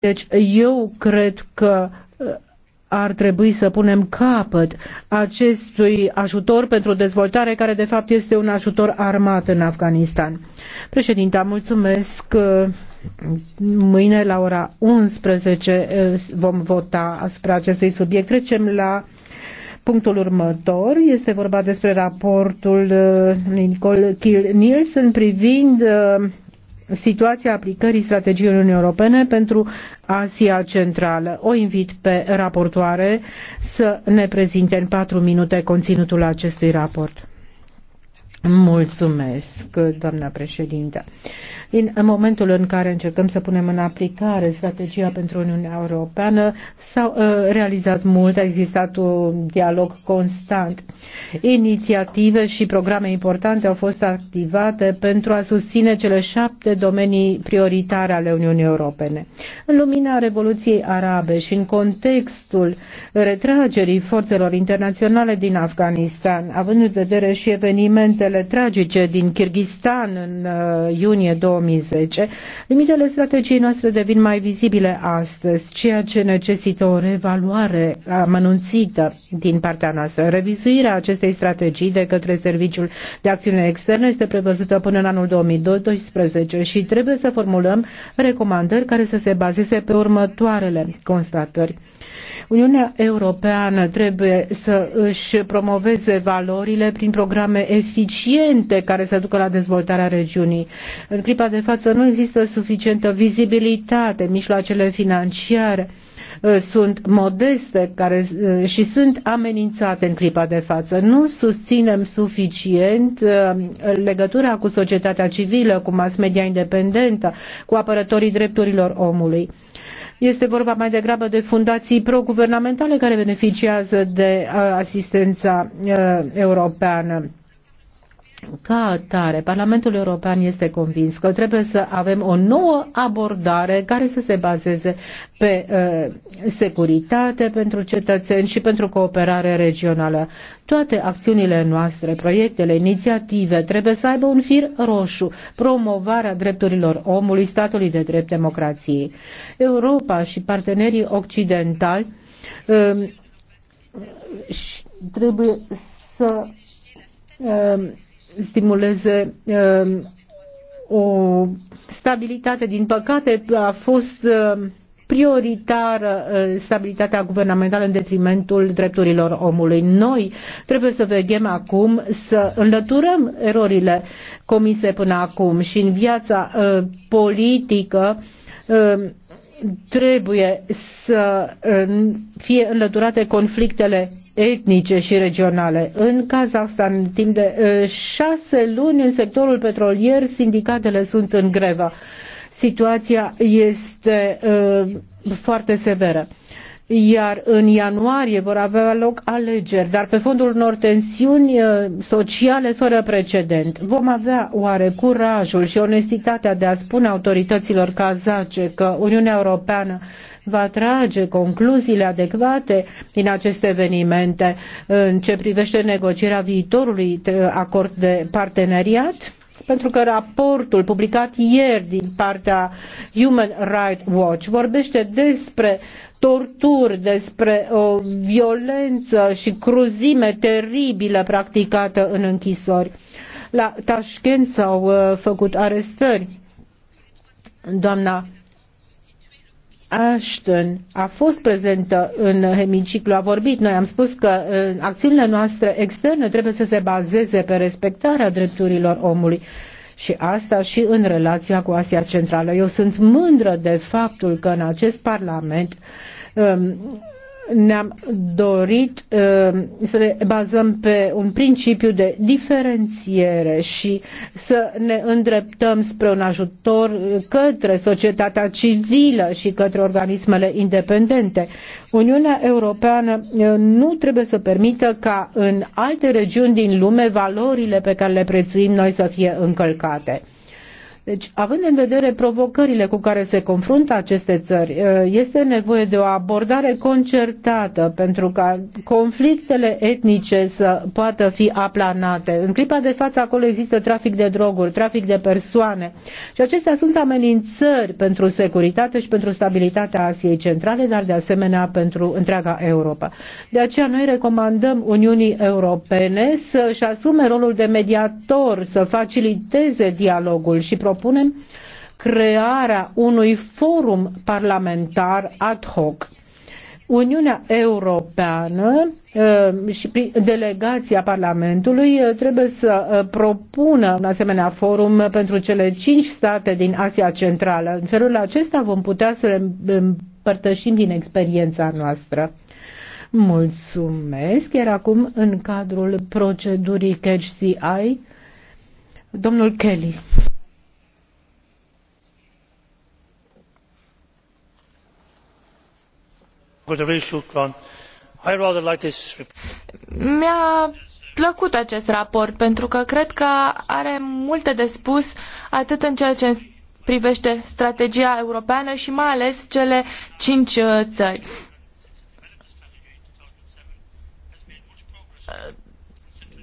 Deci eu cred că uh, ar trebui să punem capăt acestui ajutor pentru dezvoltare, care de fapt este un ajutor armat în Afganistan. Președinte, mulțumesc. Uh, mâine la ora 11 uh, vom vota asupra acestui subiect. Trecem la punctul următor. Este vorba despre raportul Nicole Kill Nielsen privind situația aplicării strategiei Uniunii Europene pentru Asia Centrală. O invit pe raportoare să ne prezinte în patru minute conținutul acestui raport. Mulțumesc, doamna președintă. în momentul în care încercăm să punem în aplicare strategia pentru Uniunea Europeană, s-au uh, realizat mult, a existat un dialog constant. Inițiative și programe importante au fost activate pentru a susține cele șapte domenii prioritare ale Uniunii Europene. În lumina Revoluției Arabe și în contextul retragerii forțelor internaționale din Afganistan, având în vedere și evenimente evenimentele tragice din Kirghistan în uh, iunie 2010, limitele strategiei noastre devin mai vizibile astăzi, ceea ce necesită o revaluare amănunțită din partea noastră. Revizuirea acestei strategii de către Serviciul de Acțiune Externă este prevăzută până în anul 2012 și trebuie să formulăm recomandări care să se bazeze pe următoarele constatări. Uniunea Europeană trebuie să își promoveze valorile prin programe eficiente care să ducă la dezvoltarea regiunii. În clipa de față nu există suficientă vizibilitate, mijloacele financiare uh, sunt modeste care, uh, și sunt amenințate în clipa de față. Nu susținem suficient uh, legătura cu societatea civilă, cu mass media independentă, cu apărătorii drepturilor omului. Este vorba mai degrabă de fundații proguvernamentale care beneficiază de uh, asistența uh, europeană. Ca atare, Parlamentul European este convins că trebuie să avem o nouă abordare care să se bazeze pe uh, securitate pentru cetățeni și pentru cooperare regională. Toate acțiunile noastre, proiectele, inițiative trebuie să aibă un fir roșu, promovarea drepturilor omului, statului de drept, democrației. Europa și partenerii occidentali uh, trebuie să uh, stimuleze um, o stabilitate. Din păcate a fost um, prioritară uh, stabilitatea guvernamentală în detrimentul drepturilor omului. Noi trebuie să vedem acum să înlăturăm erorile comise până acum și în viața uh, politică Ehm, trebuie să fie înlăturate conflictele etnice și regionale. În Kazahstan, în timp de șase luni, în sectorul petrolier, sindicatele sunt în grevă. Situația este foarte severă iar în ianuarie vor avea loc alegeri, dar pe fondul unor tensiuni eh, sociale fără precedent. Vom avea oare curajul și onestitatea de a spune autorităților kazace că Uniunea Europeană va trage concluziile adecvate din aceste evenimente eh, în ce privește negocierea viitorului eh, acord de parteneriat? pentru că raportul publicat ieri din partea Human Rights Watch vorbește despre torturi, despre o violență și cruzime teribilă practicată în închisori. La Tashkent s-au uh, făcut arestări. Doamna Ashton a fost prezentă în hemiciclu, a vorbit. Noi am spus că uh, acțiunile noastre externe trebuie să se bazeze pe respectarea drepturilor omului și asta și în relația cu Asia Centrală. Eu sunt mândră de faptul că în acest Parlament um, ne-am dorit uh, să ne bazăm pe un principiu de diferențiere și să ne îndreptăm spre un ajutor către societatea civilă și către organismele independente. Uniunea Europeană uh, nu trebuie să permită ca în alte regiuni din lume valorile pe care le prețuim noi să fie încălcate. Deci, având în vedere provocările cu care se confruntă aceste țări, uh, este nevoie de o abordare concertată pentru ca conflictele etnice să poată fi aplanate. În clipa de față acolo există trafic de droguri, trafic de persoane și acestea sunt amenințări pentru securitate și pentru stabilitatea Asiei Centrale, dar de asemenea pentru întreaga Europa. De aceea noi recomandăm Uniunii Europene să-și asume rolul de mediator, să faciliteze dialogul și propunerea propunem crearea unui forum parlamentar ad hoc. Uniunea Europeană eh, și delegația Parlamentului eh, trebuie să eh, propună un asemenea forum pentru cele cinci state din Asia Centrală. În felul acesta vom putea să împărtășim din experiența noastră. Mulțumesc. Iar acum, în cadrul procedurii Catch CI, domnul Kelly. mi a plăcut acest raport pentru că cred că are multe de spus atât în ceea ce privește strategia europeană și mai ales cele cinci uh, țări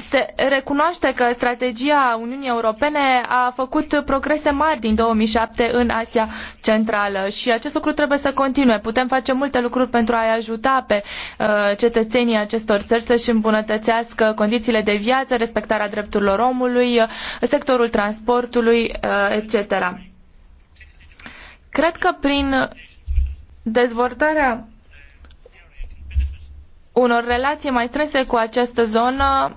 se recunoaște că strategia Uniunii Europene a făcut progrese mari din 2007 în Asia Centrală și acest lucru trebuie să continue. Putem face multe lucruri pentru a-i ajuta pe uh, cetățenii acestor țări să-și îmbunătățească condițiile de viață, respectarea drepturilor omului, uh, sectorul transportului, uh, etc. Cred că prin dezvoltarea unor relații mai strânse cu această zonă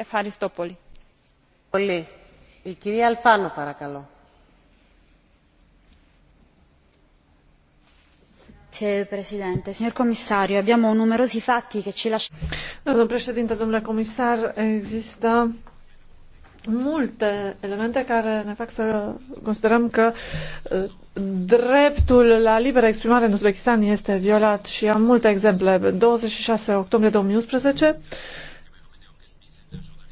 Ευχαριστώ Doamnă președinte, domnule comisar, există multe elemente care ne fac să considerăm că uh, dreptul la liberă exprimare în Uzbekistan este violat și am multe exemple. și șase octombrie unsprezece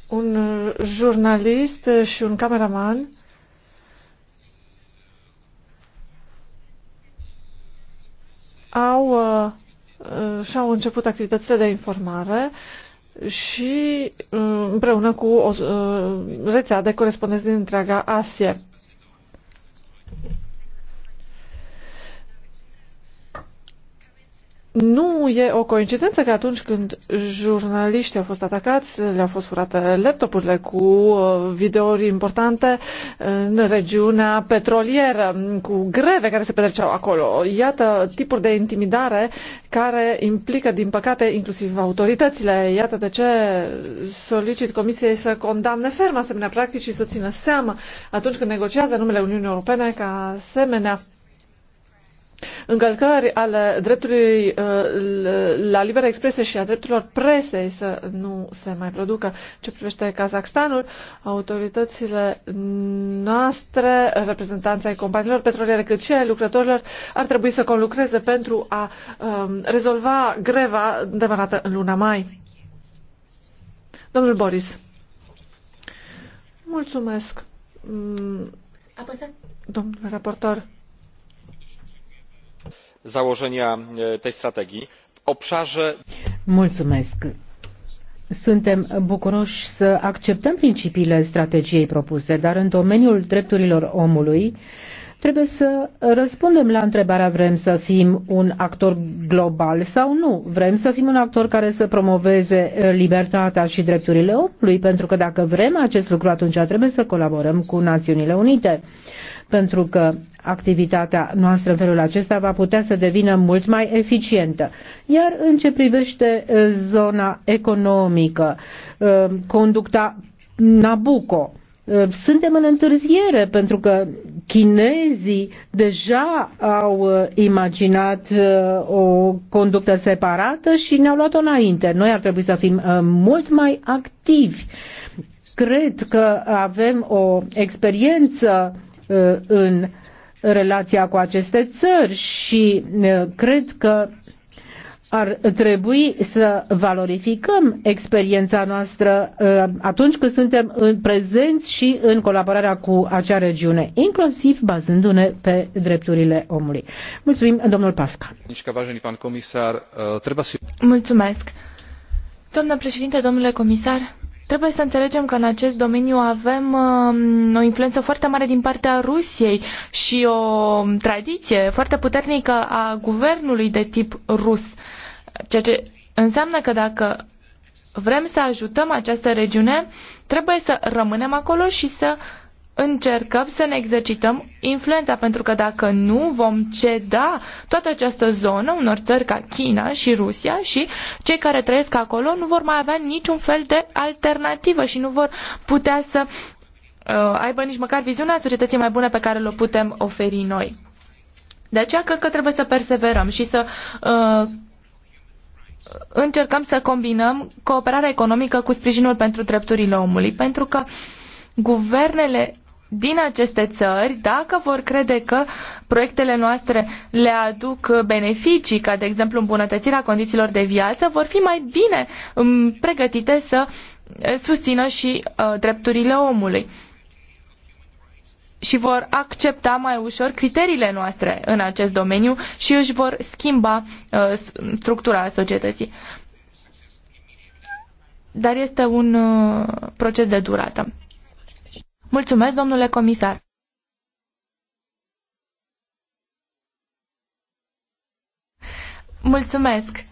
un uh, jurnalist și un cameraman au uh, uh, și-au început activitățile de informare și împreună cu o rețea de corespondenți din întreaga Asie. nu e o coincidență că atunci când jurnaliștii au fost atacați, le-au fost furate laptopurile cu uh, videouri importante uh, în regiunea petrolieră, cu greve care se petreceau acolo. Iată tipuri de intimidare care implică, din păcate, inclusiv autoritățile. Iată de ce solicit Comisiei să condamne ferm asemenea practici și să țină seama atunci când negociază numele Uniunii Europene ca asemenea încălcări ale dreptului uh, la liberă expresie și a drepturilor presei să nu se mai producă. Ce privește Kazakhstanul, autoritățile noastre, reprezentanții ai companiilor petroliere, cât și ai lucrătorilor, ar trebui să conlucreze pentru a um, rezolva greva demarată în luna mai. Domnul Boris. Mulțumesc. Mm. Domnul raportor założenia tej strategii. W obszarze... Mulțumesc. Suntem bucuroși să acceptăm principiile strategiei propuse, dar în domeniul drepturilor omului Trebuie să răspundem la întrebarea vrem să fim un actor global sau nu? Vrem să fim un actor care să promoveze eh, libertatea și drepturile omului? Pentru că dacă vrem acest lucru, atunci trebuie să colaborăm cu Națiunile Unite. Pentru că activitatea noastră în felul acesta va putea să devină mult mai eficientă. Iar în ce privește eh, zona economică, eh, conducta Nabucco, Uh, suntem în întârziere pentru că chinezii deja au uh, imaginat uh, o conductă separată și ne-au luat-o înainte. Noi ar trebui să fim mult mai activi. Cred că avem o experiență în relația cu aceste țări și cred că ar trebui să valorificăm experiența noastră uh, atunci când suntem în prezenți și în colaborarea cu acea regiune, inclusiv bazându-ne pe drepturile omului. Mulțumim, domnul Pasca. Uh, Mulțumesc. Domnule președinte, domnule comisar, Trebuie să înțelegem că în acest domeniu avem um, o influență foarte mare din partea Rusiei și o tradiție foarte puternică a guvernului de tip rus. Ceea ce înseamnă că dacă vrem să ajutăm această regiune, trebuie să rămânem acolo și să încercăm să ne exercităm influența, pentru că dacă nu, vom ceda toată această zonă unor țări ca China și Rusia și cei care trăiesc acolo nu vor mai avea niciun fel de alternativă și nu vor putea să uh, aibă nici măcar viziunea societății mai bune pe care le putem oferi noi. De aceea cred că trebuie să perseverăm și să uh, încercăm să combinăm cooperarea economică cu sprijinul pentru drepturile omului, pentru că guvernele din aceste țări, dacă vor crede că proiectele noastre le aduc beneficii, ca de exemplu îmbunătățirea condițiilor de viață, vor fi mai bine mm, pregătite să eh, susțină și uh, drepturile omului și vor accepta mai ușor criteriile noastre în acest domeniu și își vor schimba uh, structura societății. Dar este un uh, proces de durată. Mulțumesc, domnule comisar. Mulțumesc.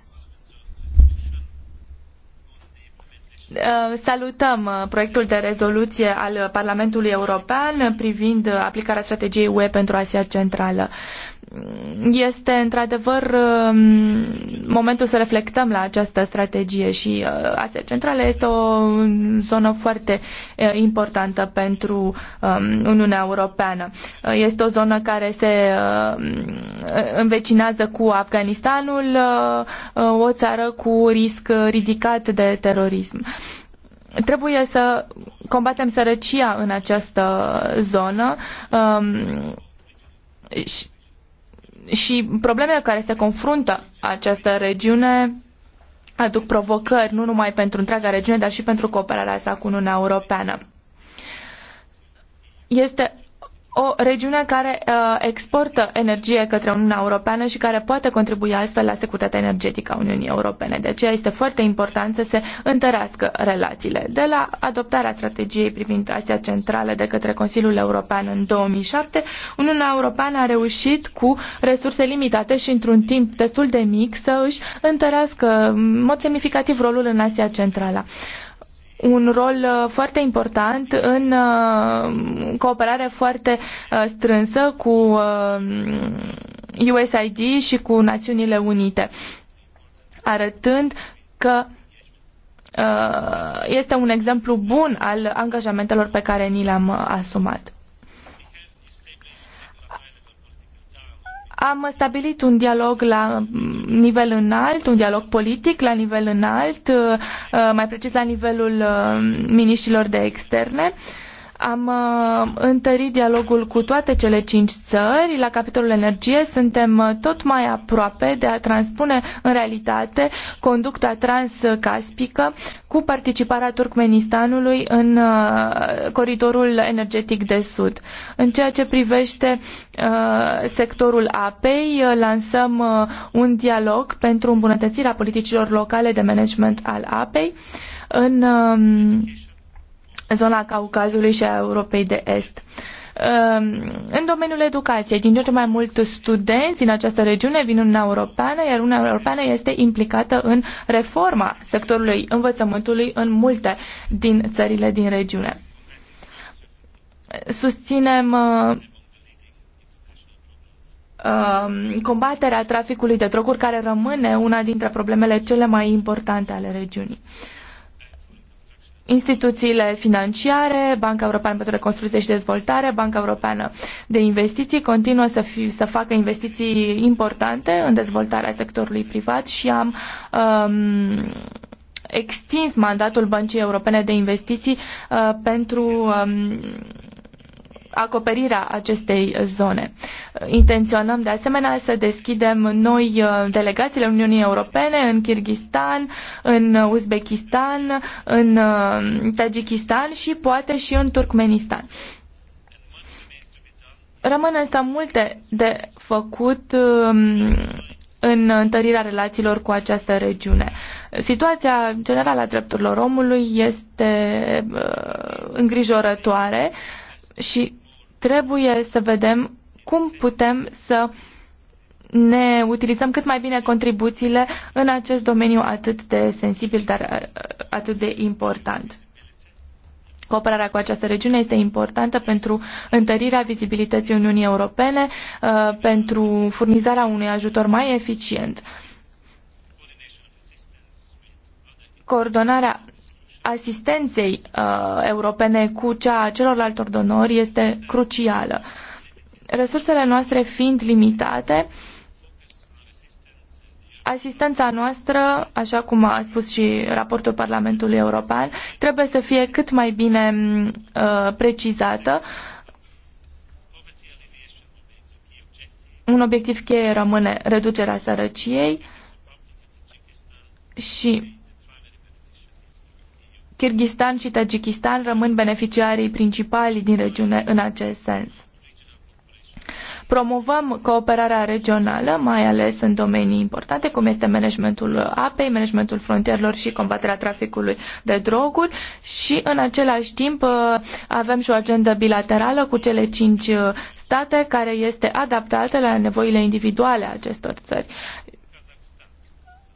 Uh, salutăm uh, proiectul de rezoluție al Parlamentului European privind aplicarea strategiei UE pentru Asia Centrală este într-adevăr um, momentul să reflectăm la această strategie și uh, Asia Centrală este o zonă foarte uh, importantă pentru um, Uniunea Europeană. Uh, este o zonă care se învecinează cu Afganistanul, o țară cu risc ridicat de terorism. Trebuie să combatem sărăcia în această zonă um, și și problemele care se confruntă această regiune aduc provocări nu numai pentru întreaga regiune, dar și pentru cooperarea sa cu Uniunea Europeană. Este o regiune care uh, exportă energie către Uniunea Europeană și care poate contribui astfel la securitatea energetică a Uniunii Europene. De aceea este foarte important să se întărească relațiile. De la adoptarea strategiei privind Asia Centrală de către Consiliul European în 2007, Uniunea Europeană a reușit cu resurse limitate și într-un timp destul de mic să își întărească în mod semnificativ rolul în Asia Centrală un rol uh, foarte important în uh, cooperare foarte uh, strânsă cu USAID și cu Națiunile Unite, arătând că este un exemplu bun al angajamentelor pe care ni le-am asumat. Am stabilit un dialog la mm, nivel înalt, un dialog politic la nivel înalt, uh, uh, mai precis la nivelul uh, miniștrilor de externe. Uh, am uh, întărit dialogul cu toate cele cinci țări. La capitolul energie suntem uh, tot mai aproape de a transpune în realitate conducta transcaspică cu participarea Turkmenistanului în uh, coridorul energetic de sud. În ceea ce privește uh, sectorul apei, uh, lansăm uh, un dialog pentru îmbunătățirea politicilor locale de management al apei în um, zona Caucazului și a Europei de Est. Ehm, în domeniul educației, din ce mai mult studenți din această regiune vin în Uniunea Europeană, iar Uniunea Europeană este implicată în reforma sectorului învățământului în multe din țările din regiune. Susținem ehm, combaterea traficului de droguri, care rămâne una dintre problemele cele mai importante ale regiunii instituțiile financiare, Banca Europeană pentru Reconstrucție și Dezvoltare, Banca Europeană de Investiții continuă să, fi, să facă investiții importante în dezvoltarea sectorului privat și am um, extins mandatul Băncii Europene de Investiții uh, pentru um, acoperirea acestei zone. Intenționăm de asemenea să deschidem noi uh, delegațiile Uniunii Europene în Kirghistan, în Uzbekistan, în uh, Tajikistan și poate și în Turkmenistan. Rămân însă multe de făcut um, în întărirea relațiilor cu această regiune. Situația generală a drepturilor omului este uh, îngrijorătoare și Trebuie să vedem cum putem să ne utilizăm cât mai bine contribuțiile în acest domeniu atât de sensibil, dar uh, atât de important. Cooperarea cu această regiune este importantă pentru întărirea vizibilității Uniunii Europene, uh, pentru furnizarea unui ajutor mai eficient. Coordonarea asistenței uh, europene cu cea a celorlaltor donori este crucială. Resursele noastre fiind limitate, asistența noastră, așa cum a spus și raportul Parlamentului European, trebuie să fie cât mai bine uh, precizată. Un obiectiv cheie rămâne reducerea sărăciei și Kirghistan și Tajikistan rămân beneficiarii principali din regiune în acest sens. Promovăm cooperarea regională, mai ales în domenii importante, cum este managementul apei, managementul frontierelor și combaterea traficului de droguri și, în același timp, avem și o agendă bilaterală cu cele cinci state care este adaptată la nevoile individuale acestor țări.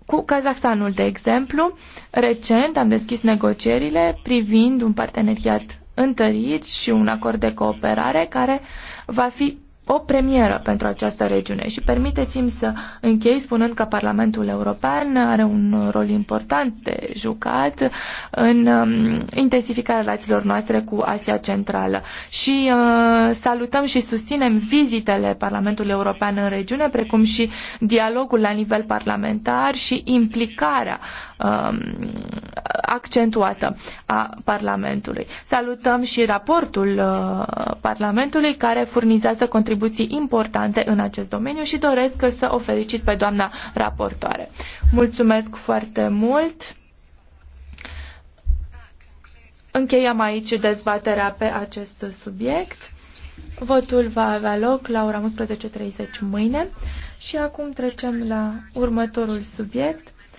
Cu Kazahstanul, de exemplu, recent am deschis negocierile privind un parteneriat întărit și un acord de cooperare care va fi o premieră pentru această regiune și permiteți-mi să închei spunând că Parlamentul European are un rol important de jucat în um, intensificarea relațiilor noastre cu Asia Centrală și uh, salutăm și susținem vizitele Parlamentului European în regiune, precum și dialogul la nivel parlamentar și implicarea uh, Um, accentuată a Parlamentului. Salutăm și raportul uh, Parlamentului care furnizează contribuții importante în acest domeniu și doresc să o felicit pe doamna raportoare. Mulțumesc foarte mult! Încheiem aici dezbaterea pe acest subiect. Votul va avea loc la ora 11.30 mâine și acum trecem la următorul subiect.